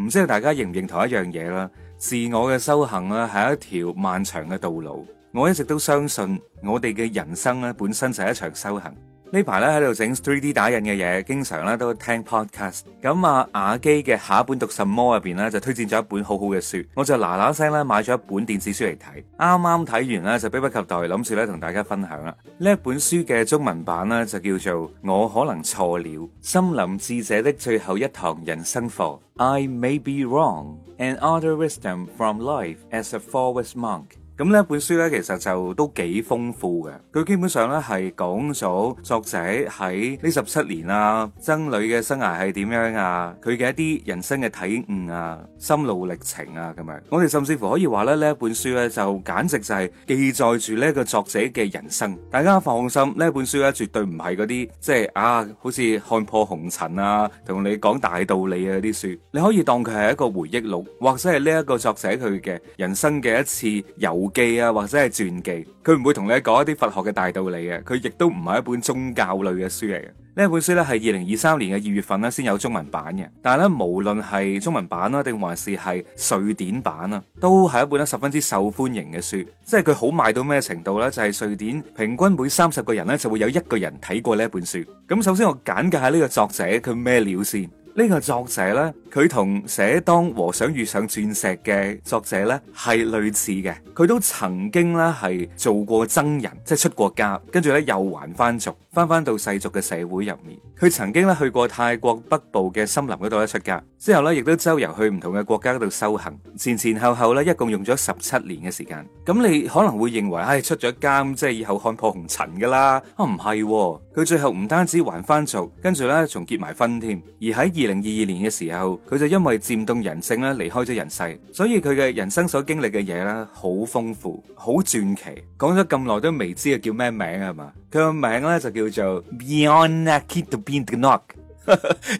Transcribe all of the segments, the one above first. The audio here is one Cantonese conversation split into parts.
唔知道大家認唔認同一樣嘢啦，自我嘅修行咧係一條漫長嘅道路。我一直都相信我哋嘅人生咧本身就係一場修行。呢排咧喺度整 3D 打印嘅嘢，經常咧都聽 podcast。咁啊雅基嘅下一本讀什麼入邊咧就推薦咗一本好好嘅書，我就嗱嗱聲咧買咗一本電子書嚟睇。啱啱睇完咧就迫不及待諗住咧同大家分享啦。呢一本書嘅中文版呢，就叫做《我可能錯了：森林智者的最後一堂人生課》。I may be wrong, and other wisdom from life as a forest monk。咁呢一本書咧，其實就都幾豐富嘅。佢基本上咧係講咗作者喺呢十七年啊，僧侶嘅生涯係點樣啊，佢嘅一啲人生嘅體悟啊、心路歷程啊咁樣。我哋甚至乎可以話咧，呢一本書咧就簡直就係記載住呢一個作者嘅人生。大家放心，呢一本書咧絕對唔係嗰啲即係啊，好似看破紅塵啊，同你講大道理啊嗰啲書。你可以當佢係一個回憶錄，或者係呢一個作者佢嘅人生嘅一次有記啊，或者係傳記，佢唔會同你講一啲佛學嘅大道理嘅。佢亦都唔係一本宗教類嘅書嚟嘅。呢一本書呢係二零二三年嘅二月份咧先有中文版嘅。但係咧，無論係中文版啦，定還是係瑞典版啦，都係一本咧十分之受歡迎嘅書。即係佢好賣到咩程度呢？就係瑞典平均每三十個人呢就會有一個人睇過呢一本書。咁首先我簡介下呢個作者佢咩料先。呢個作者呢，佢同寫《當和尚遇上鑽石》嘅作者呢係類似嘅，佢都曾經呢係做過僧人，即係出過家，跟住呢又還翻俗。翻翻到世俗嘅社會入面，佢曾經咧去過泰國北部嘅森林嗰度咧出家，之後咧亦都周遊去唔同嘅國家度修行，前前後後咧一共用咗十七年嘅時間。咁你可能會認為，唉、哎，出咗監即係以後看破紅塵噶啦，啊唔係，佢、哦、最後唔單止還翻俗，跟住咧仲結埋婚添。而喺二零二二年嘅時候，佢就因為漸凍人性咧離開咗人世。所以佢嘅人生所經歷嘅嘢咧，好豐富，好傳奇。講咗咁耐都未知佢叫咩名係嘛？佢個名咧就叫。叫做 Beyond the Key to Being Knock，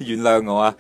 原諒我啊，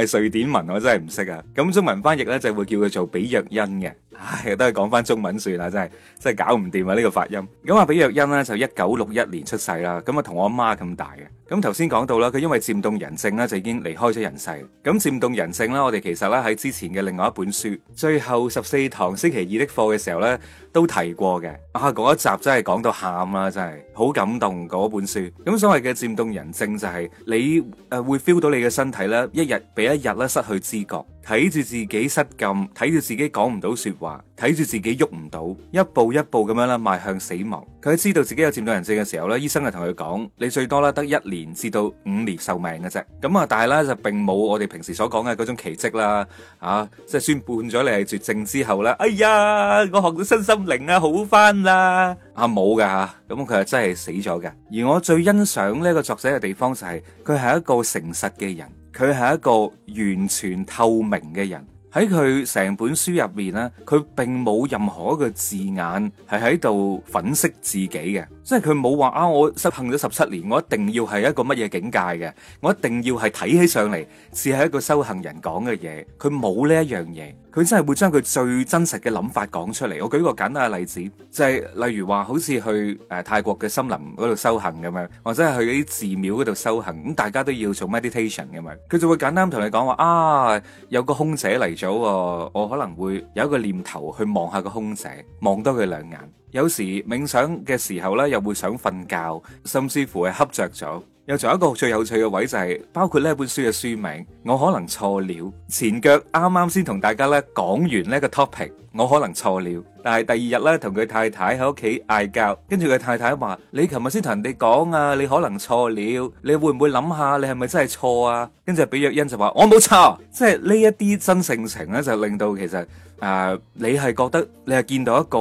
係瑞典文我真係唔識啊，咁中文翻譯咧就會叫佢做比若恩嘅。唉，都係講翻中文算啦，真係真係搞唔掂啊！呢個發音咁啊，比若茵咧就一九六一年出世啦，咁啊同我阿媽咁大嘅。咁頭先講到啦，佢因為漸凍人症咧就已經離開咗人世。咁漸凍人症咧，我哋其實咧喺之前嘅另外一本書最後十四堂星期二的課嘅時候咧都提過嘅。啊，嗰一集真係講到喊啦，真係好感動。嗰本書咁所謂嘅漸凍人症就係你誒會 feel 到你嘅身體咧一日比一日咧失去知覺。睇住自己失禁，睇住自己講唔到說話，睇住自己喐唔到，一步一步咁樣啦，邁向死亡。佢喺知道自己有漸凍人症嘅時候咧，醫生就同佢講，你最多啦，得一年至到五年壽命嘅啫。咁啊，但係咧就並冇我哋平時所講嘅嗰種奇跡啦。啊，即係宣判咗你係絕症之後咧，哎呀，我學到身心靈啊，好返啦。啊，冇噶吓，咁佢係真係死咗嘅。而我最欣賞呢一個作者嘅地方就係佢係一個誠實嘅人。佢係一個完全透明嘅人。喺佢成本書入面咧，佢並冇任何一個字眼係喺度粉飾自己嘅，即係佢冇話啊！我修行咗十七年，我一定要係一個乜嘢境界嘅，我一定要係睇起上嚟似係一個修行人講嘅嘢。佢冇呢一樣嘢，佢真係會將佢最真實嘅諗法講出嚟。我舉個簡單嘅例子，即係例如話，好似去誒泰國嘅森林嗰度修行咁樣，或者係去啲寺廟嗰度修行，咁大家都要做 meditation 咁樣，佢就會簡單同你講話啊，有個空姐嚟咗。到我可能會有一個念頭去望下個空姐，望多佢兩眼。有時冥想嘅時候咧，又會想瞓覺，甚至乎係瞌著咗。又仲有一個最有趣嘅位，就係包括呢本書嘅書名，我可能錯了。前腳啱啱先同大家咧講完呢一個 topic，我可能錯了。但係第二日咧同佢太太喺屋企嗌交，跟住佢太太話：你琴日先同人哋講啊，你可能錯了。你會唔會諗下，你係咪真係錯啊？跟住俾約恩就話：我冇錯。即係呢一啲真性情咧，就令到其實誒、呃，你係覺得你係見到一個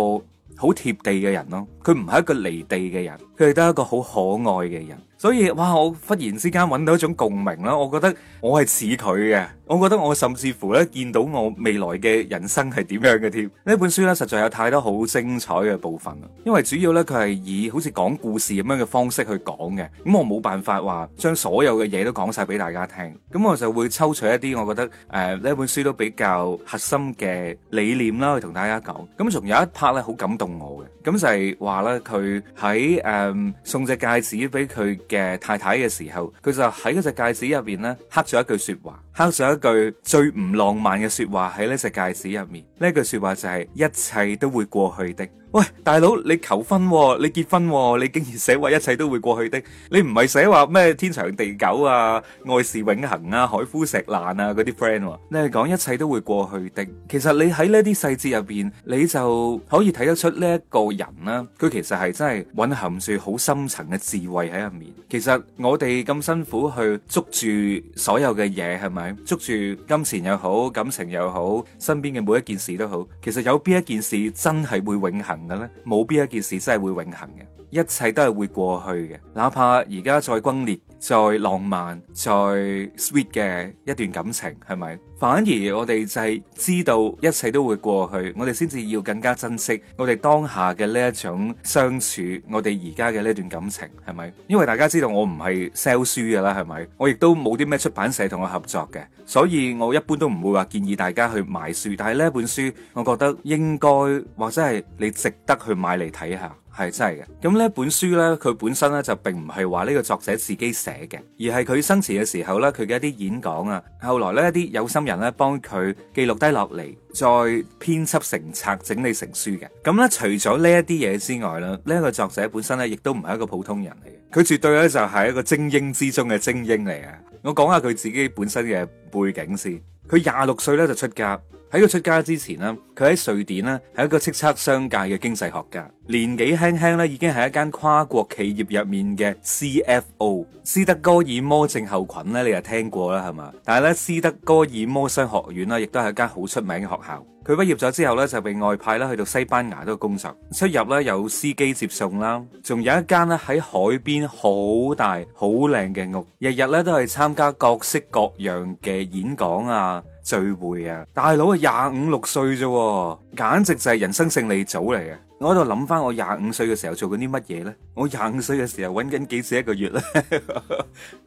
好貼地嘅人咯。佢唔係一個離地嘅人，佢係得一個好可愛嘅人。所以哇，我忽然之間揾到一種共鳴啦！我覺得我係似佢嘅，我覺得我甚至乎咧見到我未來嘅人生係點樣嘅添。呢本書咧實在有太多好精彩嘅部分啦，因為主要咧佢係以好似講故事咁樣嘅方式去講嘅。咁我冇辦法話將所有嘅嘢都講晒俾大家聽，咁我就會抽取一啲我覺得誒呢本書都比較核心嘅理念啦，去同大家講。咁仲有一 part 咧好感動我嘅，咁就係話咧佢喺誒送隻戒指俾佢嘅太太嘅時候，佢就喺嗰隻戒指入邊咧刻咗一句說話，刻咗一句最唔浪漫嘅說話喺呢隻戒指入面。呢一句說話就係、是、一切都會過去的。喂，大佬，你求婚喎，你結婚喎，你竟然寫話一切都會過去的，你唔係寫話咩天長地久啊，愛是永恒啊，海枯石爛啊嗰啲 friend，你係講一切都會過去的。其實你喺呢啲細節入邊，你就可以睇得出呢一個人啦，佢其實係真係蘊含住好深層嘅智慧喺入面。其實我哋咁辛苦去捉住所有嘅嘢，係咪捉住金錢又好，感情又好，身邊嘅每一件事都好，其實有邊一件事真係會永恒？嘅咧，冇邊一件事真係會永恆嘅。一切都係會過去嘅，哪怕而家再轟烈、再浪漫、再 sweet 嘅一段感情，係咪？反而我哋就係知道一切都會過去，我哋先至要更加珍惜我哋當下嘅呢一種相處，我哋而家嘅呢段感情，係咪？因為大家知道我唔係 sell 書㗎喇，係咪？我亦都冇啲咩出版社同我合作嘅，所以我一般都唔會話建議大家去買書。但係呢一本書，我覺得應該或者係你值得去買嚟睇下。係真係嘅，咁呢本書呢，佢本身呢，就並唔係話呢個作者自己寫嘅，而係佢生前嘅時候呢，佢嘅一啲演講啊，後來呢，一啲有心人呢，幫佢記錄低落嚟，再編輯成冊，整理成書嘅。咁呢，除咗呢一啲嘢之外呢，呢個作者本身呢，亦都唔係一個普通人嚟嘅。佢絕對呢，就係一個精英之中嘅精英嚟嘅。我講下佢自己本身嘅背景先，佢廿六歲呢，就出家。喺佢出家之前咧，佢喺瑞典咧係一個叱咤商界嘅經濟學家，年紀輕輕咧已經係一間跨國企業入面嘅 CFO。斯德哥爾摩症候群咧，你又聽過啦，係嘛？但係咧，斯德哥爾摩商學院啦，亦都係一間好出名嘅學校。佢畢業咗之後咧，就被外派啦去到西班牙都工作，出入咧有司機接送啦，仲有一間咧喺海邊好大好靚嘅屋，日日咧都係參加各式各樣嘅演講啊。聚會啊，大佬啊，廿五六歲啫，簡直就係人生勝利組嚟嘅。我喺度諗翻我廿五歲嘅時候做緊啲乜嘢呢？我廿五歲嘅時候搵緊幾錢一個月咧？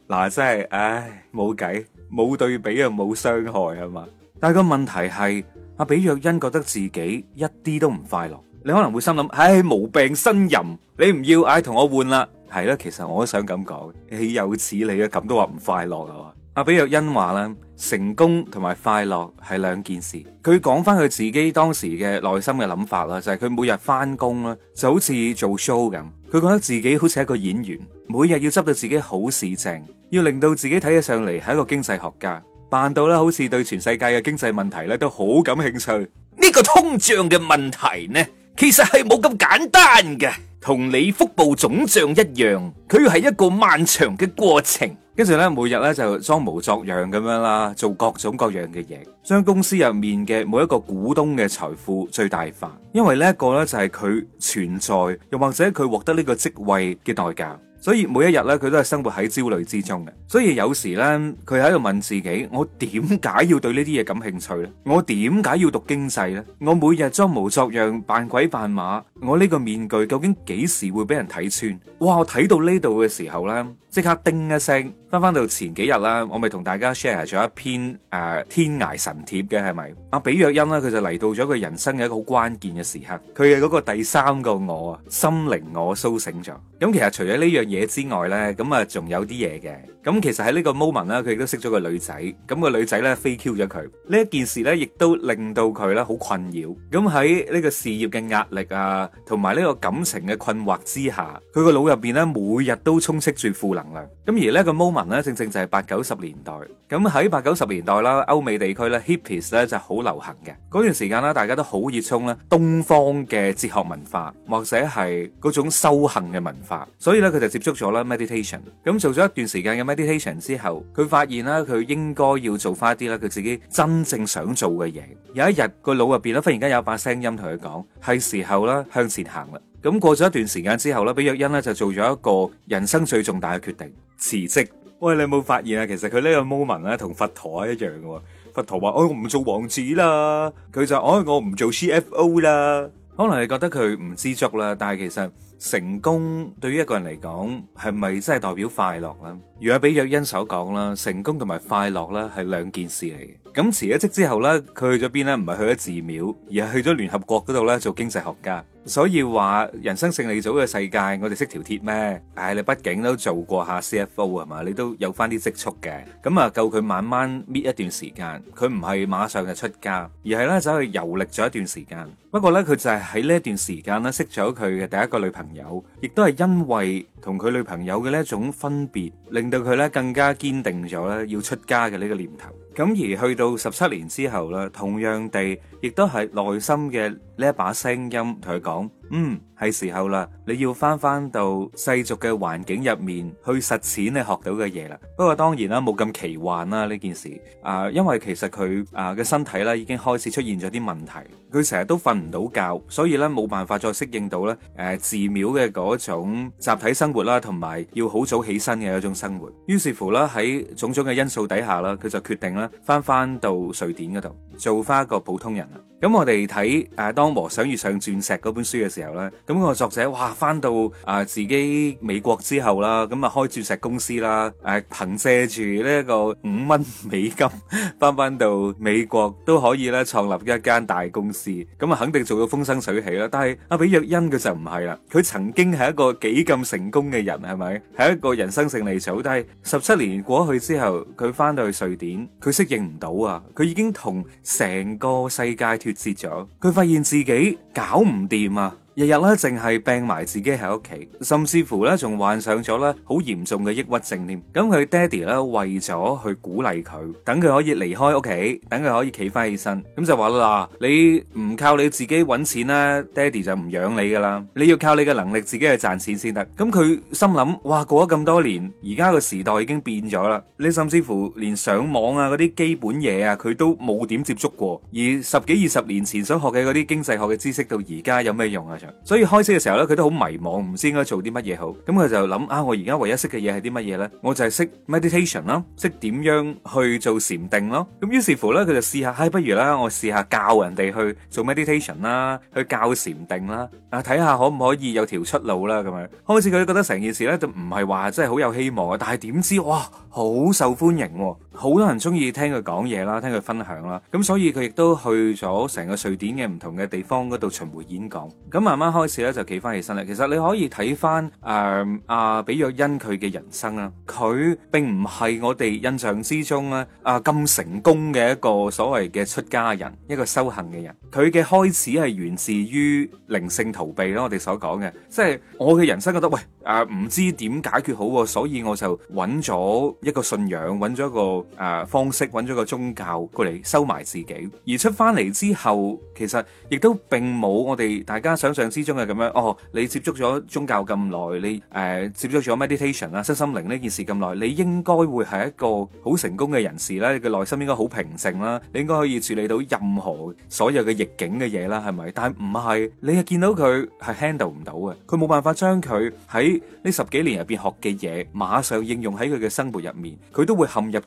嗱、 啊，真係，唉，冇計，冇對比就冇傷害係嘛。但係個問題係，阿比若欣覺得自己一啲都唔快樂。你可能會心諗，唉、哎，無病呻吟，你唔要唉，同、哎、我換啦。係啦，其實我都想咁講，豈有此理啊，咁都話唔快樂嘛。阿比若欣話啦。成功同埋快樂係兩件事。佢講翻佢自己當時嘅內心嘅諗法啦，就係佢每日翻工啦，就好似做 show 咁。佢覺得自己好似一個演員，每日要執到自己好四正，要令到自己睇起上嚟係一個經濟學家，扮到咧好似對全世界嘅經濟問題咧都好感興趣。呢個通脹嘅問題呢，其實係冇咁簡單嘅，同你福報總賬一樣，佢係一個漫長嘅過程。跟住呢，每日呢就裝模作樣咁樣啦，做各種各樣嘅嘢，將公司入面嘅每一個股東嘅財富最大化。因為呢一個呢就係佢存在，又或者佢獲得呢個職位嘅代價。所以每一日呢，佢都係生活喺焦慮之中嘅。所以有時呢，佢喺度問自己：我點解要對呢啲嘢感興趣呢？我點解要讀經濟呢？我每日裝模作樣扮鬼扮馬，我呢個面具究竟幾時會俾人睇穿？哇！我睇到呢度嘅時候呢。即刻叮一聲，翻翻到前幾日啦，我咪同大家 share 咗一篇誒、呃、天涯神帖嘅係咪？阿比約恩呢，佢就嚟到咗佢人生嘅一個好關鍵嘅時刻，佢嘅嗰個第三個我啊，心靈我甦醒咗。咁、嗯、其實除咗呢樣嘢之外呢，咁啊仲有啲嘢嘅。咁、嗯、其實喺呢個 moment 呢，佢亦都識咗個女仔。咁、嗯、個女仔呢，飛 Q 咗佢。呢一件事呢，亦都令到佢呢好困擾。咁喺呢個事業嘅壓力啊，同埋呢個感情嘅困惑之下，佢個腦入邊呢，每日都充斥住負能。咁而呢個 moment 咧，正正就係八九十年代。咁喺八九十年代啦，歐美地區咧 hippies 咧就好流行嘅。嗰段時間啦，大家都好熱衷啦東方嘅哲學文化，或者係嗰種修行嘅文化。所以咧，佢就接觸咗啦 meditation。咁做咗一段時間嘅 meditation 之後，佢發現啦，佢應該要做翻一啲啦，佢自己真正想做嘅嘢。有一日，個腦入邊咧，忽然間有一把聲音同佢講：係時候啦，向前行啦。咁過咗一段時間之後咧，比約恩咧就做咗一個人生最重大嘅決定，辭職。喂，你有冇發現啊？其實佢呢個 moment 咧，同佛陀一樣嘅。佛陀話：哎，我唔做王子啦，佢就：哎，我唔做 CFO 啦。可能你覺得佢唔知足啦，但係其實成功對於一個人嚟講，係咪真係代表快樂咧？如阿比約恩所講啦，成功同埋快樂咧係兩件事嚟嘅。咁辭咗職之後咧，佢去咗邊咧？唔係去咗寺廟，而係去咗聯合國嗰度咧做經濟學家。所以話人生勝利組嘅世界，我哋識條鐵咩？唉，你畢竟都做過下 CFO 吖嘛？你都有翻啲積蓄嘅。咁啊，夠佢慢慢搣一段時間。佢唔係馬上就出家，而係咧走去遊歷咗一段時間。不過咧，佢就係喺呢一段時間咧識咗佢嘅第一個女朋友，亦都係因為同佢女朋友嘅呢一種分別令。令到佢咧更加堅定咗咧要出家嘅呢個念頭。咁而去到十七年之後咧，同樣地，亦都係內心嘅呢一把聲音同佢講：嗯，係時候啦，你要翻翻到世俗嘅環境入面去實踐你學到嘅嘢啦。不過當然啦，冇咁奇幻啦呢件事啊、呃，因為其實佢啊嘅身體咧已經開始出現咗啲問題，佢成日都瞓唔到覺，所以咧冇辦法再適應到咧誒、呃、寺廟嘅嗰種集體生活啦，同埋要好早起身嘅一種生活。於是乎咧，喺種種嘅因素底下啦，佢就決定啦。翻翻到瑞典嗰度做翻一個普通人啦。咁我哋睇誒《當和尚遇上鑽石》嗰本書嘅時候呢咁、個作者哇，翻到啊自己美國之後啦，咁啊開鑽石公司啦，誒憑借住呢一個五蚊美金，翻翻到美國都可以呢，創立一間大公司，咁啊肯定做到風生水起啦。但係阿、啊、比約恩佢就唔係啦，佢曾經係一個幾咁成功嘅人，係咪？係一個人生勝利組低，但係十七年過去之後，佢翻到去瑞典。佢適應唔到啊！佢已經同成個世界脫節咗，佢發現自己搞唔掂啊！日日咧，淨係病埋自己喺屋企，甚至乎咧，仲患上咗咧好嚴重嘅抑鬱症添。咁佢爹哋咧，為咗去鼓勵佢，等佢可以離開屋企，等佢可以企翻起身，咁就話啦，你唔靠你自己揾錢啦，爹哋就唔養你噶啦。你要靠你嘅能力自己去賺錢先得。咁佢心諗，哇，過咗咁多年，而家個時代已經變咗啦。你甚至乎連上網啊嗰啲基本嘢啊，佢都冇點接觸過。而十幾二十年前想學嘅嗰啲經濟學嘅知識到，到而家有咩用啊？所以開始嘅時候呢，佢都好迷茫，唔知應該做啲乜嘢好。咁、嗯、佢就諗啊，我而家唯一識嘅嘢係啲乜嘢呢？我就係識 meditation 咯，識點樣去做禪定咯。咁、嗯、於是乎呢，佢就試下、哎，不如啦，我試下教人哋去做 meditation 啦，去教禪定啦。啊，睇下可唔可以有條出路啦？咁樣開始佢都覺得成件事呢就唔係話真係好有希望啊。但係點知哇？好受歡迎喎，好多人中意聽佢講嘢啦，聽佢分享啦，咁所以佢亦都去咗成個瑞典嘅唔同嘅地方嗰度巡迴演講。咁慢慢開始咧，就企翻起身啦。其實你可以睇翻誒阿比約恩佢嘅人生啦，佢並唔係我哋印象之中咧阿咁成功嘅一個所謂嘅出家人，一個修行嘅人。佢嘅開始係源自於靈性逃避啦，我哋所講嘅，即係我嘅人生覺得喂。誒，唔、呃、知點解決好，所以我就揾咗一個信仰，揾咗一個誒、呃、方式，揾咗個宗教過嚟收埋自己。而出翻嚟之後，其實亦都並冇我哋大家想象之中嘅咁樣。哦，你接觸咗宗教咁耐，你誒、呃、接觸咗 meditation 啦、身心靈呢件事咁耐，你應該會係一個好成功嘅人士啦。你嘅內心應該好平靜啦，你應該可以處理到任何所有嘅逆境嘅嘢啦，係咪？但係唔係，你係見到佢係 handle 唔到嘅，佢冇辦法將佢喺。呢十幾年入邊學嘅嘢，馬上應用喺佢嘅生活入面，佢都會陷入焦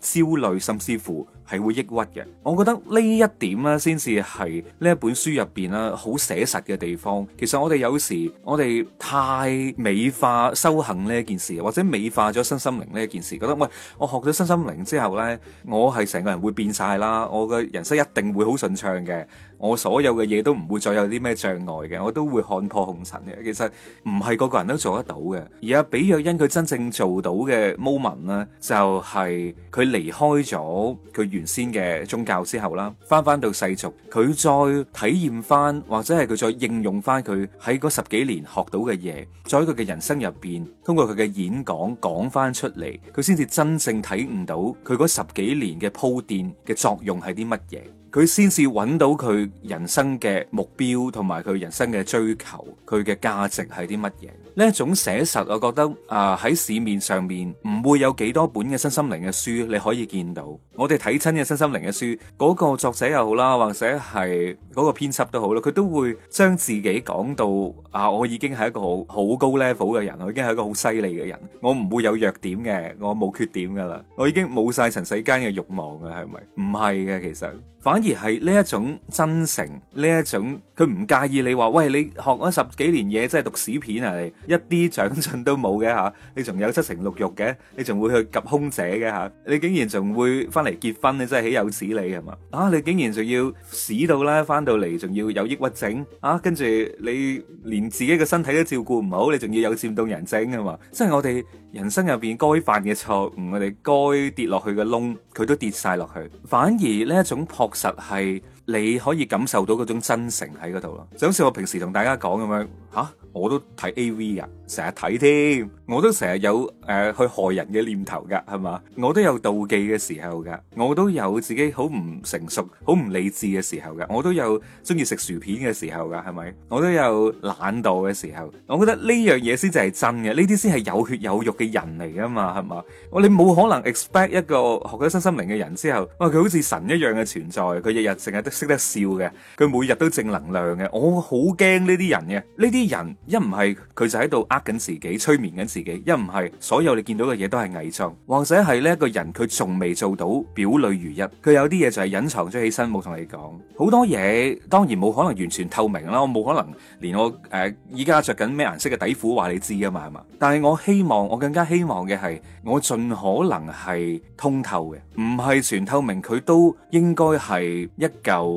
慮，甚至乎係會抑鬱嘅。我覺得呢一點呢，先至係呢一本書入邊啦，好寫實嘅地方。其實我哋有時我哋太美化修行呢一件事，或者美化咗身心靈呢一件事，覺得喂，我學咗身心靈之後呢，我係成個人會變晒啦，我嘅人生一定會好順暢嘅。我所有嘅嘢都唔會再有啲咩障礙嘅，我都會看破紅塵嘅。其實唔係個個人都做得到嘅。而阿比約恩佢真正做到嘅 moment 呢，就係、是、佢離開咗佢原先嘅宗教之後啦，翻翻到世俗，佢再體驗翻或者係佢再應用翻佢喺嗰十幾年學到嘅嘢，再喺佢嘅人生入邊，通過佢嘅演講講翻出嚟，佢先至真正體悟到佢嗰十幾年嘅鋪墊嘅作用係啲乜嘢。佢先至揾到佢人生嘅目標同埋佢人生嘅追求，佢嘅價值係啲乜嘢？呢一種寫實，我覺得啊喺、呃、市面上面唔會有幾多本嘅身心靈嘅書你可以見到。我哋睇親嘅身心靈嘅書，嗰、嗰個作者又好啦，或者係嗰個編輯都好咯，佢都會將自己講到啊，我已經係一個好高 level 嘅人，我已經係一個好犀利嘅人，我唔會有弱點嘅，我冇缺點噶啦，我已經冇晒塵世間嘅慾望噶，係咪？唔係嘅，其實反而係呢一種真誠，呢一種佢唔介意你話，喂，你學咗十幾年嘢，即係讀屎片啊你。一啲長進都冇嘅嚇，你仲有七情六欲嘅，你仲會去夾空姐嘅嚇，你竟然仲會翻嚟結婚，你真係豈有此理係嘛？啊，你竟然仲要死到啦，翻到嚟仲要有抑鬱症啊，跟住你連自己嘅身體都照顧唔好，你仲要有漸凍人症係嘛？即係我哋人生入邊該犯嘅錯誤，我哋該跌落去嘅窿，佢都跌晒落去，反而呢一種樸實係。你可以感受到嗰種真誠喺嗰度咯，就好似我平時同大家講咁樣嚇、啊，我都睇 A V 啊，成日睇添，我都成日有誒、呃、去害人嘅念頭噶，係嘛？我都有妒忌嘅時候噶，我都有自己好唔成熟、好唔理智嘅時候噶，我都有中意食薯片嘅時候噶，係咪？我都有懶惰嘅時候。我覺得呢樣嘢先至係真嘅，呢啲先係有血有肉嘅人嚟噶嘛，係嘛？你冇可能 expect 一個學咗身心靈嘅人之後，哇佢好似神一樣嘅存在，佢日日淨係得，識得笑嘅，佢每日都正能量嘅。我好驚呢啲人嘅，呢啲人一唔係佢就喺度呃緊自己，催眠緊自己；一唔係所有你見到嘅嘢都係偽裝，或者係呢一個人佢仲未做到表裏如一。佢有啲嘢就係隱藏咗起身冇同你講，好多嘢當然冇可能完全透明啦。我冇可能連我誒依家着緊咩顏色嘅底褲話你知啊嘛，係嘛。但係我希望，我更加希望嘅係我盡可能係通透嘅，唔係全透明，佢都應該係一嚿。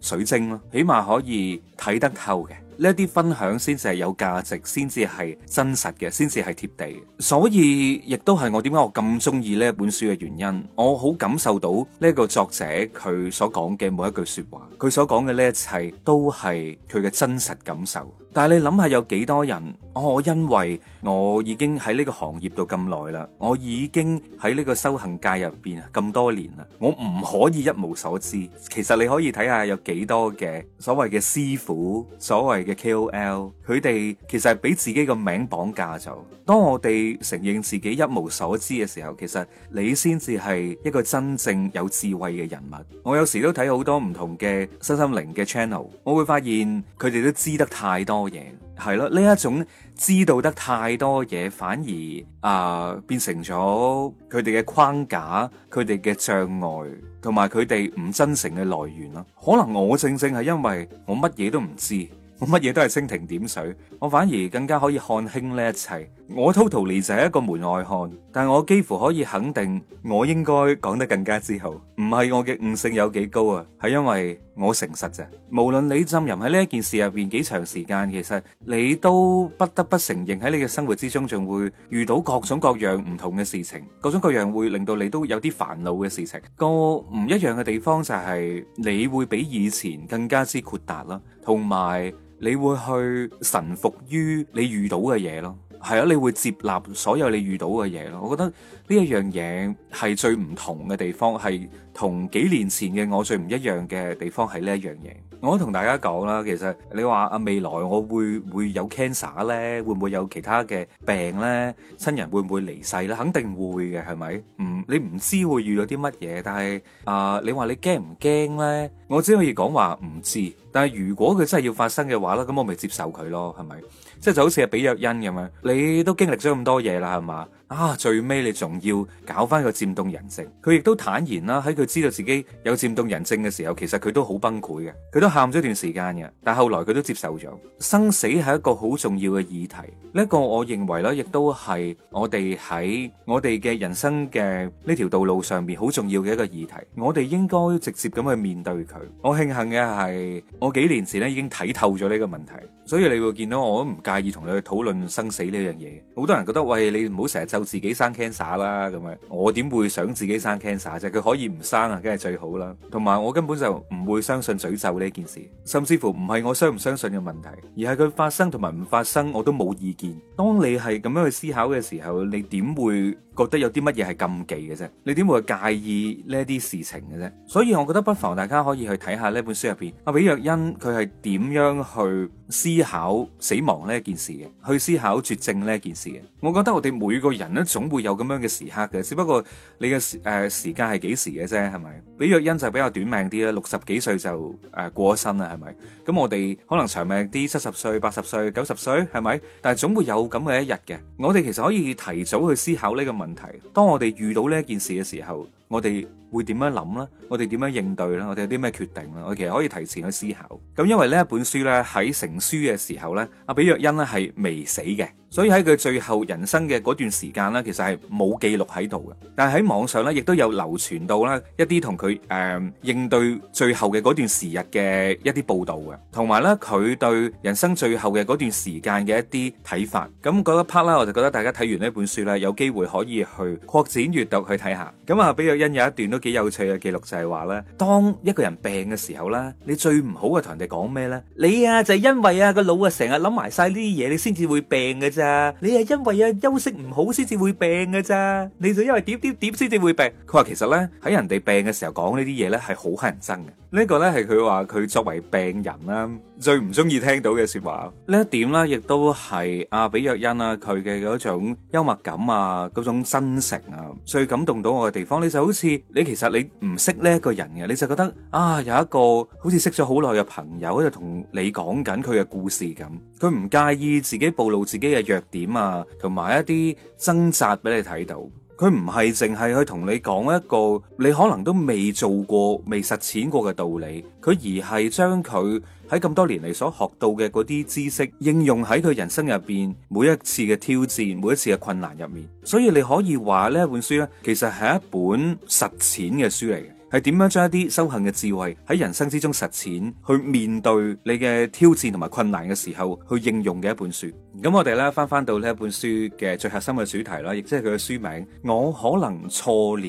水晶咯，起碼可以睇得透嘅。呢啲分享先至係有價值，先至係真實嘅，先至係貼地。所以亦都係我點解我咁中意呢本書嘅原因。我好感受到呢個作者佢所講嘅每一句説話，佢所講嘅呢一切都係佢嘅真實感受。但係你諗下，有幾多人？我、哦、因為我已經喺呢個行業度咁耐啦，我已經喺呢個修行界入邊咁多年啦，我唔可以一無所知。其實你可以睇下有幾多嘅所謂嘅師傅，所謂 K.O.L. 佢哋其實係俾自己個名綁架咗。當我哋承認自己一無所知嘅時候，其實你先至係一個真正有智慧嘅人物。我有時都睇好多唔同嘅身心靈嘅 channel，我會發現佢哋都知得太多嘢，係咯，呢一種知道得太多嘢，反而啊、呃、變成咗佢哋嘅框架、佢哋嘅障礙，同埋佢哋唔真誠嘅來源咯。可能我正正係因為我乜嘢都唔知。我乜嘢都係蜻蜓點水，我反而更加可以看輕呢一切。我 totally 就係一個門外漢，但我幾乎可以肯定，我應該講得更加之好。唔係我嘅悟性有幾高啊，係因為我誠實咋。無論你浸淫喺呢一件事入邊幾長時間，其實你都不得不承認喺你嘅生活之中，仲會遇到各種各樣唔同嘅事情，各種各樣會令到你都有啲煩惱嘅事情。個唔一樣嘅地方就係你會比以前更加之豁達啦，同埋。你會去臣服於你遇到嘅嘢咯。係啊，你會接納所有你遇到嘅嘢咯。我覺得呢一樣嘢係最唔同嘅地方，係同幾年前嘅我最唔一樣嘅地方係呢一樣嘢。我同大家講啦，其實你話啊，未來我會唔會有 cancer 呢，會唔會有其他嘅病呢？親人會唔會離世呢？肯定會嘅，係咪？唔、嗯，你唔知會遇到啲乜嘢，但係啊、呃，你話你驚唔驚呢？我只可以講話唔知。但係如果佢真係要發生嘅話呢，咁我咪接受佢咯，係咪？即係就好似係俾約恩咁樣，你都經歷咗咁多嘢啦，係嘛？啊！最尾你仲要搞翻個漸凍人症，佢亦都坦然啦。喺佢知道自己有漸凍人症嘅時候，其實佢都好崩潰嘅，佢都喊咗段時間嘅。但係後來佢都接受咗。生死係一個好重要嘅議題，呢、這、一個我認為咧，亦都係我哋喺我哋嘅人生嘅呢條道路上面好重要嘅一個議題。我哋應該直接咁去面對佢。我慶幸嘅係，我幾年前咧已經睇透咗呢個問題，所以你會見到我都唔介意同你去討論生死呢樣嘢。好多人覺得喂，你唔好成日自己生 cancer 啦，咁樣，我點會想自己生 cancer 啫？佢可以唔生啊，梗係最好啦。同埋我根本就唔會相信詛咒呢件事，甚至乎唔係我相唔相信嘅問題，而係佢發生同埋唔發生，我都冇意見。當你係咁樣去思考嘅時候，你點會覺得有啲乜嘢係禁忌嘅啫，你點會介意呢啲事情嘅啫？所以，我覺得不妨大家可以去睇下呢本書入邊，阿比約恩佢係點樣去思考死亡呢一件事嘅，去思考絕症呢一件事嘅。我覺得我哋每個人咧總會有咁樣嘅時刻嘅，只不過你嘅誒時間係幾時嘅啫，係咪？比約恩就比較短命啲啦，六十幾歲就誒過咗身啦，係咪？咁我哋可能長命啲，七十歲、八十歲、九十歲，係咪？但係總會有咁嘅一日嘅。我哋其實可以提早去思考呢個問。當我哋遇到呢一件事嘅時候，我哋，會點樣諗呢？我哋點樣應對呢？我哋有啲咩決定呢？我其實可以提前去思考。咁因為呢一本書呢，喺成書嘅時候呢，阿比約恩咧係未死嘅，所以喺佢最後人生嘅嗰段時間呢，其實係冇記錄喺度嘅。但係喺網上呢，亦都有流傳到啦一啲同佢誒應對最後嘅嗰段時日嘅一啲報道嘅，同埋呢佢對人生最後嘅嗰段時間嘅一啲睇法。咁嗰一 part 呢，我就覺得大家睇完呢本書呢，有機會可以去擴展閱讀去睇下。咁啊，阿比約恩有一段都。幾有趣嘅記錄就係話啦，當一個人病嘅時候啦，你最唔好嘅同人哋講咩咧？你啊就係因為啊個腦啊成日諗埋晒呢啲嘢，你先至會病㗎咋？你係因為啊休息唔好先至會病㗎咋？你就因為點點點先至會病？佢話其實咧，喺人哋病嘅時候講呢啲嘢咧，係好乞人憎嘅。呢個咧，係佢話佢作為病人啦最唔中意聽到嘅說話，呢一點啦亦都係阿、啊、比約恩啊佢嘅嗰種幽默感啊嗰種真誠啊最感動到我嘅地方，你就好似你其實你唔識呢一個人嘅，你就覺得啊有一個好似識咗好耐嘅朋友喺度同你講緊佢嘅故事咁，佢唔介意自己暴露自己嘅弱點啊，同埋一啲掙扎俾你睇到。佢唔係淨係去同你講一個你可能都未做過、未實踐過嘅道理，佢而係將佢喺咁多年嚟所學到嘅嗰啲知識應用喺佢人生入邊每一次嘅挑戰、每一次嘅困難入面，所以你可以話呢一本書呢，其實係一本實踐嘅書嚟嘅。係點樣將一啲修行嘅智慧喺人生之中實踐，去面對你嘅挑戰同埋困難嘅時候去應用嘅一本書。咁我哋咧返返到呢一本書嘅最核心嘅主題啦，亦即係佢嘅書名《我可能錯了》，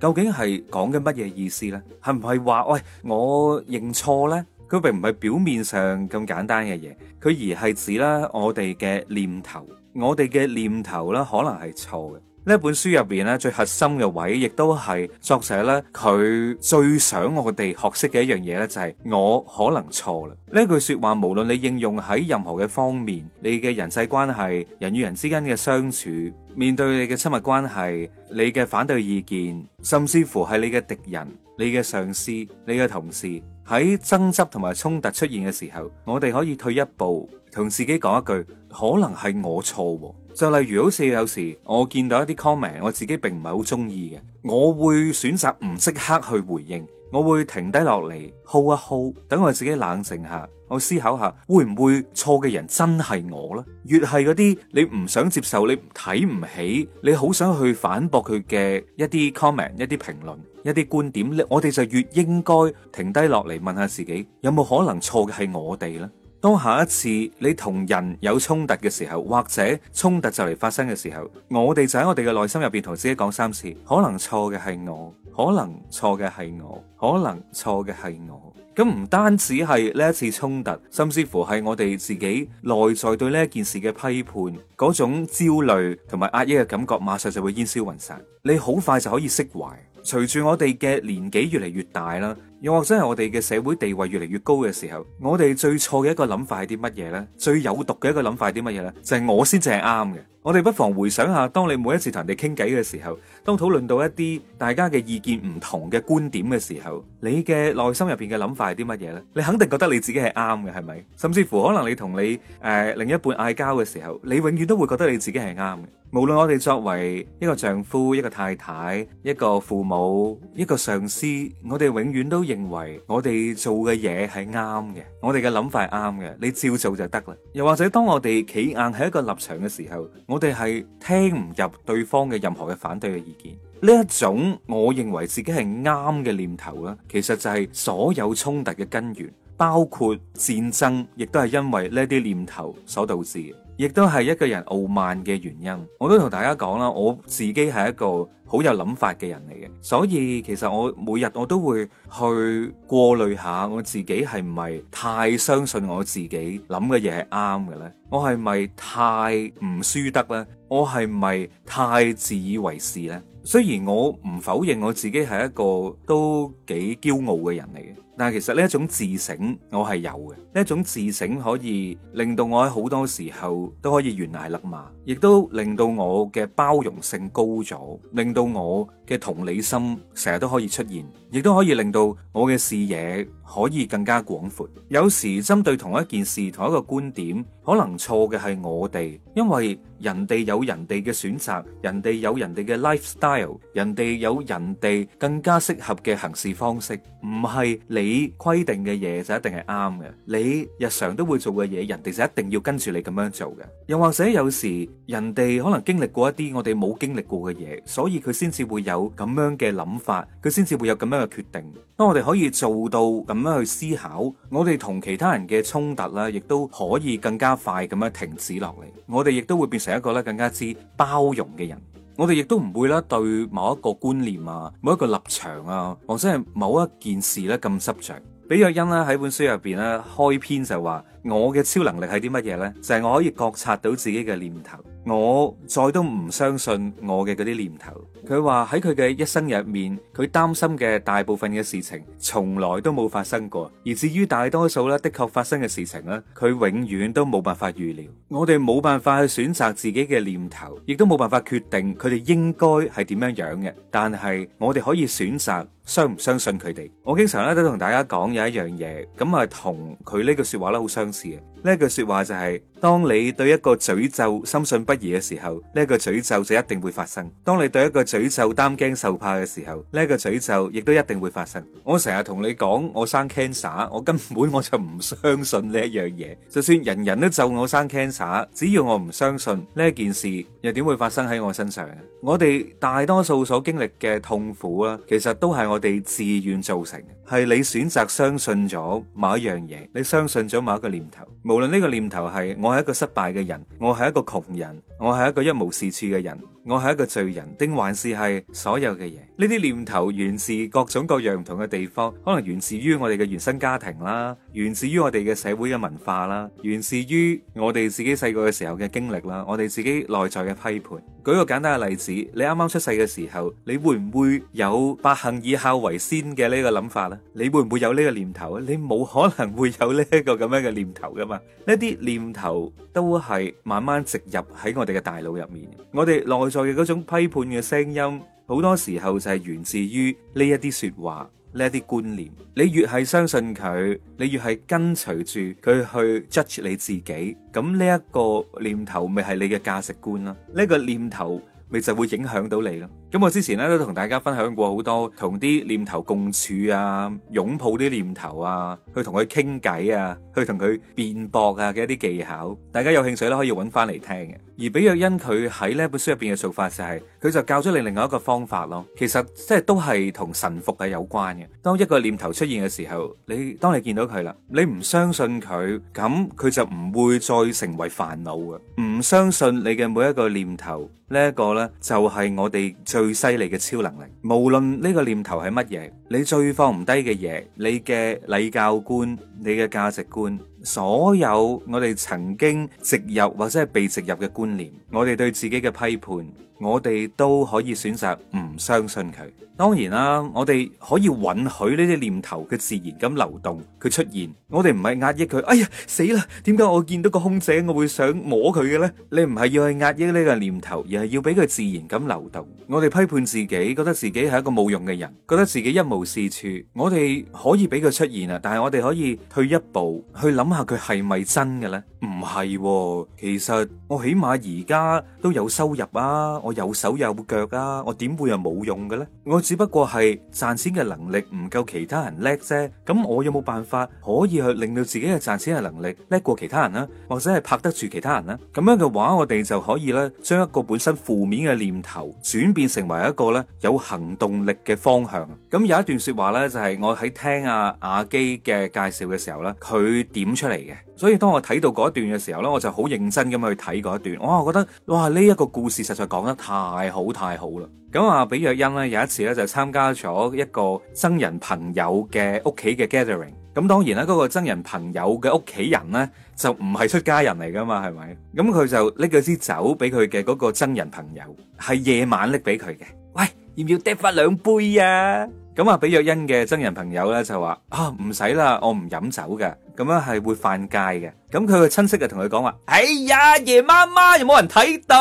究竟係講緊乜嘢意思呢？係唔係話喂，我認錯呢？佢並唔係表面上咁簡單嘅嘢，佢而係指啦我哋嘅念頭，我哋嘅念頭啦可能係錯嘅。呢本書入邊咧，最核心嘅位，亦都係作者咧，佢最想我哋學識嘅一樣嘢咧，就係我可能錯啦。呢句說話，無論你應用喺任何嘅方面，你嘅人際關係、人與人之間嘅相處、面對你嘅親密關係、你嘅反對意見，甚至乎係你嘅敵人、你嘅上司、你嘅同事，喺爭執同埋衝突出現嘅時候，我哋可以退一步，同自己講一句：可能係我錯。就例如好似有時我見到一啲 comment，我自己並唔係好中意嘅，我會選擇唔即刻去回應，我會停低落嚟 hold 一 hold，等我自己冷靜下，我思考下會唔會錯嘅人真係我呢？越係嗰啲你唔想接受、你睇唔起、你好想去反駁佢嘅一啲 comment 一、一啲評論、一啲觀點，我哋就越應該停低落嚟問下自己，有冇可能錯嘅係我哋呢？當下一次你同人有衝突嘅時候，或者衝突就嚟發生嘅時候，我哋就喺我哋嘅內心入邊同自己講三次：可能錯嘅係我，可能錯嘅係我，可能錯嘅係我。咁唔單止係呢一次衝突，甚至乎係我哋自己內在對呢件事嘅批判，嗰種焦慮同埋壓抑嘅感覺，馬上就會煙消雲散。你好快就可以釋懷。隨住我哋嘅年紀越嚟越大啦。又或者係我哋嘅社會地位越嚟越高嘅時候，我哋最錯嘅一個諗法係啲乜嘢呢？最有毒嘅一個諗法係啲乜嘢呢？就係我先至係啱嘅。我哋不妨回想下，當你每一次同人哋傾偈嘅時候，當討論到一啲大家嘅意見唔同嘅觀點嘅時候，你嘅內心入邊嘅諗法係啲乜嘢呢？你肯定覺得你自己係啱嘅，係咪？甚至乎可能你同你誒另一半嗌交嘅時候，你永遠都會覺得你自己係啱嘅。無論我哋作為一個丈夫、一個太太、一個父母、一個上司，我哋永遠都。認為我哋做嘅嘢係啱嘅，我哋嘅諗法係啱嘅，你照做就得啦。又或者當我哋企硬喺一個立場嘅時候，我哋係聽唔入對方嘅任何嘅反對嘅意見。呢一種我認為自己係啱嘅念頭啦，其實就係所有衝突嘅根源，包括戰爭，亦都係因為呢啲念頭所導致嘅，亦都係一個人傲慢嘅原因。我都同大家講啦，我自己係一個。好有諗法嘅人嚟嘅，所以其實我每日我都會去過濾下我自己係唔係太相信我自己諗嘅嘢係啱嘅咧？我係咪太唔輸得咧？我係咪太自以為是咧？雖然我唔否認我自己係一個都幾驕傲嘅人嚟嘅。但係其實呢一種自省，我係有嘅。呢一種自省可以令到我喺好多時候都可以懸崖勒馬，亦都令到我嘅包容性高咗，令到我嘅同理心成日都可以出現，亦都可以令到我嘅視野可以更加廣闊。有時針對同一件事、同一個觀點，可能錯嘅係我哋，因為人哋有人哋嘅選擇，人哋有人哋嘅 lifestyle，人哋有人哋更加適合嘅行事方式，唔係嚟。你規定嘅嘢就一定係啱嘅，你日常都會做嘅嘢，人哋就一定要跟住你咁樣做嘅。又或者有時人哋可能經歷過一啲我哋冇經歷過嘅嘢，所以佢先至會有咁樣嘅諗法，佢先至會有咁樣嘅決定。當我哋可以做到咁樣去思考，我哋同其他人嘅衝突啦，亦都可以更加快咁樣停止落嚟。我哋亦都會變成一個咧更加之包容嘅人。我哋亦都唔會啦，對某一個觀念啊，某一個立場啊，或者係某一件事咧咁執着。比約恩咧喺本書入邊咧開篇就話：我嘅超能力係啲乜嘢呢？就係、是、我可以覺察到自己嘅念頭，我再都唔相信我嘅嗰啲念頭。佢話喺佢嘅一生入面，佢擔心嘅大部分嘅事情，從來都冇發生過。而至於大多數咧，的確發生嘅事情咧，佢永遠都冇辦法預料。我哋冇辦法去選擇自己嘅念頭，亦都冇辦法決定佢哋應該係點樣樣嘅。但係我哋可以選擇相唔相信佢哋。我經常咧都同大家講有一樣嘢，咁啊同佢呢句說話咧好相似嘅。呢句說話就係：當你對一個詛咒深信不疑嘅時候，呢一個詛咒就一定會發生。當你對一個詛咒擔驚受怕嘅時候，呢、這個詛咒亦都一定會發生。我成日同你講，我生 cancer，我根本我就唔相信呢一樣嘢。就算人人都咒我生 cancer，只要我唔相信呢件事，又點會發生喺我身上？我哋大多數所經歷嘅痛苦啦，其實都係我哋自願造成嘅。係你選擇相信咗某一樣嘢，你相信咗某一個念頭，無論呢個念頭係我係一個失敗嘅人，我係一個窮人，我係一個一無是處嘅人，我係一個罪人，定還是係所有嘅嘢？呢啲念頭源自各種各樣唔同嘅地方，可能源自於我哋嘅原生家庭啦，源自於我哋嘅社會嘅文化啦，源自於我哋自己細個嘅時候嘅經歷啦，我哋自己內在嘅批判。舉個簡單嘅例子，你啱啱出世嘅時候，你會唔會有百行以孝為先嘅呢個諗法咧？你會唔會有呢個念頭？你冇可能會有呢一個咁樣嘅念頭噶嘛？呢啲念頭都係慢慢植入喺我哋嘅大腦入面，我哋內在嘅嗰種批判嘅聲音，好多時候就係源自於呢一啲說話。呢啲觀念，你越係相信佢，你越係跟隨住佢去 judge 你自己，咁呢一個念頭咪係你嘅價值觀囉，呢、呢個念頭咪就會影響到你咯。咁我之前咧都同大家分享過好多同啲念頭共處啊，擁抱啲念頭啊，去同佢傾偈啊，去同佢辯駁啊嘅一啲技巧，大家有興趣咧可以揾翻嚟聽嘅。而比約恩佢喺呢本書入邊嘅做法就係、是，佢就教咗你另外一個方法咯。其實即係都係同臣服係有關嘅。當一個念頭出現嘅時候，你當你見到佢啦，你唔相信佢，咁佢就唔會再成為煩惱嘅。唔相信你嘅每一個念頭，這個、呢一個咧就係、是、我哋最。最犀利嘅超能力。無論呢個念頭係乜嘢，你最放唔低嘅嘢，你嘅禮教觀、你嘅價值觀，所有我哋曾經植入或者係被植入嘅觀念，我哋對自己嘅批判。我哋都可以選擇唔相信佢。當然啦，我哋可以允許呢啲念頭嘅自然咁流動，佢出現。我哋唔係壓抑佢。哎呀，死啦！點解我見到個空姐我會想摸佢嘅咧？你唔係要去壓抑呢個念頭，而係要俾佢自然咁流動。我哋批判自己，覺得自己係一個冇用嘅人，覺得自己一無是處。我哋可以俾佢出現啊，但係我哋可以退一步去諗下佢係咪真嘅咧？唔係喎，其實我起碼而家都有收入啊。我有手有腳啊！我點會又冇用嘅呢？我只不過係賺錢嘅能力唔夠其他人叻啫。咁我有冇辦法可以去令到自己嘅賺錢嘅能力叻過其他人咧，啊？或者係拍得住其他人咧，啊？咁樣嘅話，我哋就可以咧將一個本身負面嘅念頭轉變成為一個咧有行動力嘅方向。咁有一段說話咧，就係、是、我喺聽阿、啊、亞基嘅介紹嘅時候咧，佢點出嚟嘅。所以當我睇到嗰一段嘅時候呢，我就好認真咁去睇嗰一段，我覺得哇呢一個故事實在講得太好太好啦！咁啊，比約恩咧有一次呢，就參加咗一個僧人朋友嘅屋企嘅 gathering。咁當然啦，嗰個僧人朋友嘅屋企人呢，就唔係出家人嚟噶嘛，係咪？咁佢就拎咗支酒俾佢嘅嗰個僧人朋友，係夜晚拎俾佢嘅。喂，要唔要嗒翻兩杯呀？咁啊，俾若恩嘅真人朋友咧就話啊，唔使啦，我唔飲酒嘅，咁樣係會犯戒嘅。咁佢嘅親戚就同佢講話：哎呀，夜媽媽又冇人睇到，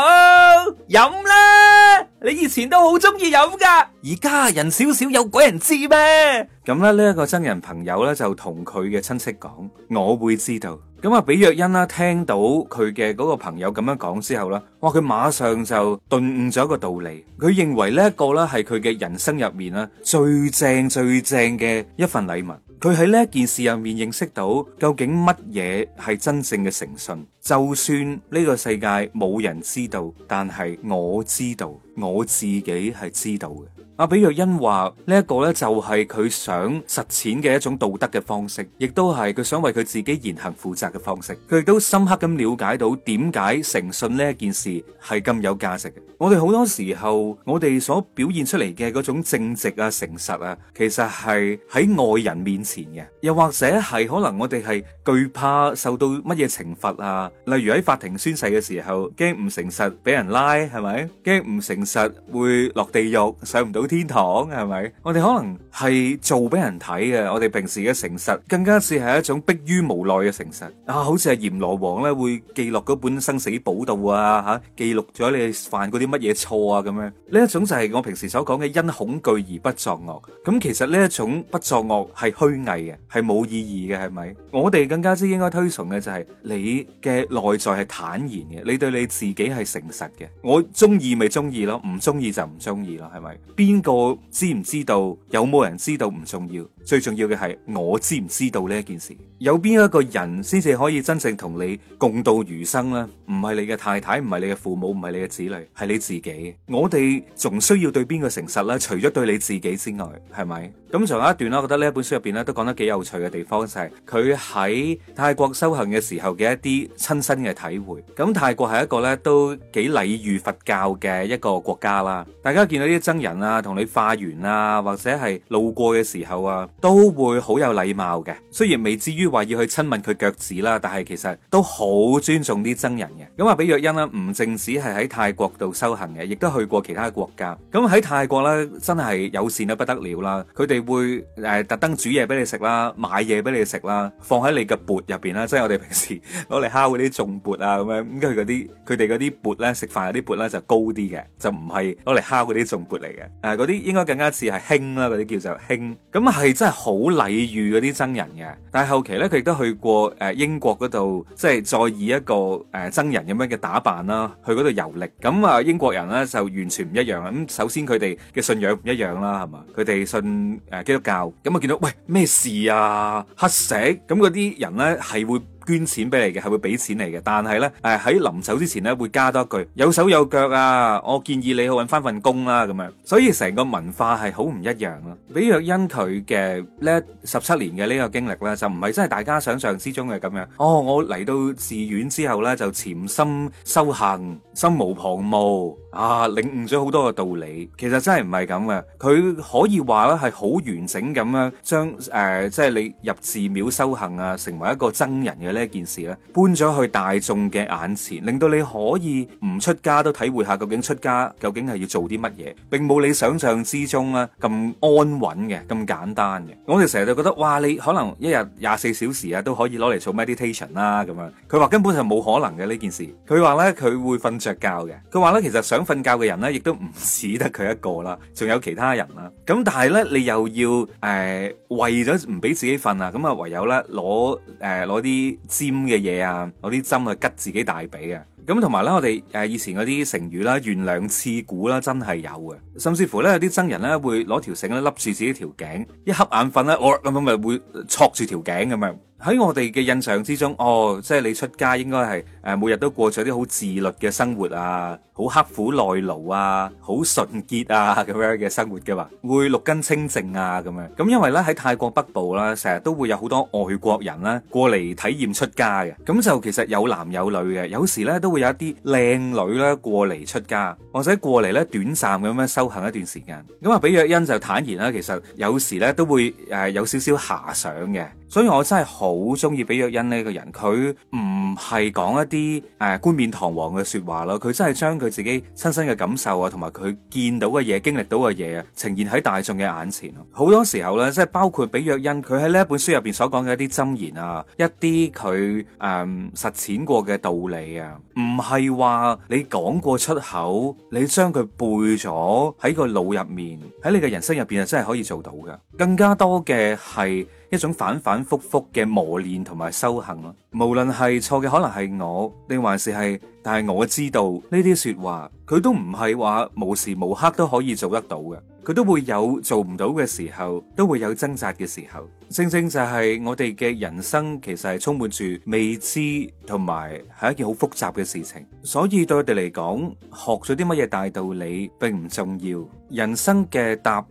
飲啦，你以前都好中意飲噶，而家人少少有鬼人知咩？咁咧，呢一個真人朋友咧就同佢嘅親戚講：我會知道。咁啊，俾若欣啦，聽到佢嘅嗰個朋友咁樣講之後啦，哇！佢馬上就頓悟咗一個道理。佢認為呢一個咧係佢嘅人生入面啦，最正最正嘅一份禮物。佢喺呢一件事入面認識到究竟乜嘢係真正嘅誠信。就算呢個世界冇人知道，但係我知道，我自己係知道嘅。阿比若恩話呢一個呢就係佢想實踐嘅一種道德嘅方式，亦都係佢想為佢自己言行負責嘅方式。佢亦都深刻咁了解到點解誠信呢一件事係咁有價值嘅。我哋好多時候，我哋所表現出嚟嘅嗰種正直啊、誠實啊，其實係喺外人面前嘅，又或者係可能我哋係懼怕受到乜嘢懲罰啊，例如喺法庭宣誓嘅時候，驚唔誠實俾人拉係咪？驚唔誠實會落地獄上唔到。天堂係咪？我哋可能係做俾人睇嘅，我哋平時嘅誠實更加似係一種迫於無奈嘅誠實啊！好似係閻羅王咧會記錄嗰本生死簿度啊吓，記錄咗你犯過啲乜嘢錯啊咁樣。呢一種就係我平時所講嘅因恐懼而不作惡。咁其實呢一種不作惡係虛偽嘅，係冇意義嘅，係咪？我哋更加之應該推崇嘅就係你嘅內在係坦然嘅，你對你自己係誠實嘅。我中意咪中意咯，唔中意就唔中意咯，係咪？邊？邊個知唔知道？有冇人知道唔重要。最重要嘅係我知唔知道呢一件事。有邊一個人先至可以真正同你共度餘生呢？唔係你嘅太太，唔係你嘅父母，唔係你嘅子女，係你自己。我哋仲需要對邊個誠實呢？除咗對你自己之外，係咪？咁仲有一段啦，我覺得呢一本書入邊咧都講得幾有趣嘅地方，就係佢喺泰國修行嘅時候嘅一啲親身嘅體會。咁泰國係一個咧都幾禮遇佛教嘅一個國家啦。大家見到啲僧人啊，同你化緣啊，或者係路過嘅時候啊。都會好有禮貌嘅，雖然未至於話要去親吻佢腳趾啦，但係其實都好尊重啲僧人嘅。咁啊，俾若茵啦，唔淨止係喺泰國度修行嘅，亦都去過其他國家。咁喺泰國咧，真係友善得不得了啦。佢哋會誒、呃、特登煮嘢俾你食啦，買嘢俾你食啦，放喺你嘅缽入邊啦，即係我哋平時攞嚟敲嗰啲重缽啊咁樣。咁佢嗰啲，佢哋嗰啲缽咧，食飯嗰啲缽咧就高啲嘅，就唔係攞嚟敲嗰啲重缽嚟嘅。誒，嗰啲應該更加似係磬啦，嗰啲叫做磬。咁係真真係好禮遇嗰啲僧人嘅，但係後期咧，佢亦都去過誒、呃、英國嗰度，即係再以一個誒、呃、僧人咁樣嘅打扮啦，去嗰度遊歷。咁啊，英國人咧就完全唔一樣啦。咁首先佢哋嘅信仰唔一樣啦，係嘛，佢哋信誒、呃、基督教。咁啊，見到喂，咩事啊，黑石咁嗰啲人咧係會。捐錢俾你嘅係會俾錢你嘅，但係咧，誒，喺臨走之前咧，會加多句有手有腳啊！我建議你去揾翻份工啦，咁樣，所以成個文化係好唔一樣咯。比約恩佢嘅呢一十七年嘅呢個經歷咧，就唔係真係大家想象之中嘅咁樣。哦，我嚟到寺院之後咧，就潛心修行，心無旁騖啊，領悟咗好多嘅道理。其實真係唔係咁嘅，佢可以話咧，係好完整咁樣將誒，即係你入寺廟修行啊，成為一個僧人嘅。呢件事咧，搬咗去大眾嘅眼前，令到你可以唔出家都體會下究竟出家究竟係要做啲乜嘢，並冇你想象之中啊咁安穩嘅，咁簡單嘅。我哋成日就覺得哇，你可能一日廿四小時啊都可以攞嚟做 meditation 啦，咁樣。佢話根本就冇可能嘅呢件事。佢話咧，佢會瞓着覺嘅。佢話咧，其實想瞓覺嘅人咧，亦都唔止得佢一個啦，仲有其他人啦。咁但係咧，你又要誒、呃、為咗唔俾自己瞓啊，咁啊唯有咧攞誒攞啲。尖嘅嘢啊，攞啲針去吉自己大髀啊，咁同埋咧，我哋誒以前嗰啲成語啦，懸梁刺股啦，真係有嘅，甚至乎咧，有啲僧人咧會攞條繩咧笠住自己條頸，一瞌眼瞓咧，我咁樣咪會戳住條頸咁樣。喺我哋嘅印象之中，哦，即係你出家應該係誒、呃，每日都過咗啲好自律嘅生活啊，好刻苦耐勞啊，好純潔啊咁樣嘅生活嘅、啊、嘛，會六根清淨啊咁樣。咁、嗯、因為咧喺泰國北部啦，成日都會有好多外國人啦過嚟體驗出家嘅。咁就其實有男有女嘅，有時咧都會有一啲靚女咧過嚟出家，或者過嚟咧短暫咁樣修行一段時間。咁、嗯、啊，比約恩就坦言啦，其實有時咧都會誒、呃、有少少遐想嘅。所以我真係好中意比約恩呢一個人，佢唔係講一啲誒、呃、冠冕堂皇嘅說話咯，佢真係將佢自己親身嘅感受啊，同埋佢見到嘅嘢，經歷到嘅嘢，呈現喺大眾嘅眼前。好多時候呢，即係包括比約恩佢喺呢一本書入邊所講嘅一啲箴言啊，一啲佢誒實踐過嘅道理啊，唔係話你講過出口，你將佢背咗喺個腦入面，喺你嘅人生入邊啊，真係可以做到嘅。更加多嘅係，一種反反覆覆嘅磨練同埋修行咯，無論係錯嘅可能係我，定還是係，但係我知道呢啲說話。佢都唔係話無時無刻都可以做得到嘅，佢都會有做唔到嘅時候，都會有掙扎嘅時候。正正就係我哋嘅人生，其實係充滿住未知，同埋係一件好複雜嘅事情。所以對我哋嚟講，學咗啲乜嘢大道理並唔重要。人生嘅答案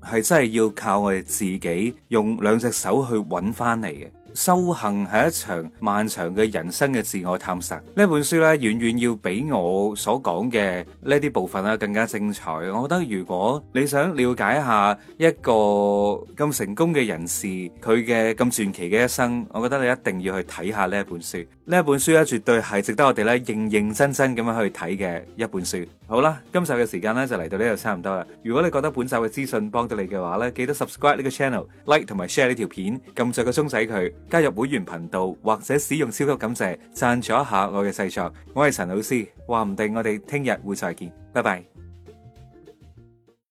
係真係要靠我哋自己用兩隻手去揾翻嚟嘅。修行係一場漫長嘅人生嘅自我探索。呢本書咧，遠遠要比我所講嘅呢啲部分啦，更加精彩。我覺得，如果你想了解一下一個咁成功嘅人士，佢嘅咁傳奇嘅一生，我覺得你一定要去睇下呢一本書。呢一本書咧，絕對係值得我哋咧，認認真真咁樣去睇嘅一本書。好啦，今集嘅時間咧，就嚟到呢度差唔多啦。如果你覺得本集嘅資訊幫到你嘅話咧，記得 subscribe 呢個 channel，like 同埋 share 呢條片，撳着個鐘仔佢。加入會員頻道，或者使用超級感謝，贊助一下我嘅製作。我係陳老 C，話唔定我哋聽日會再見。拜拜。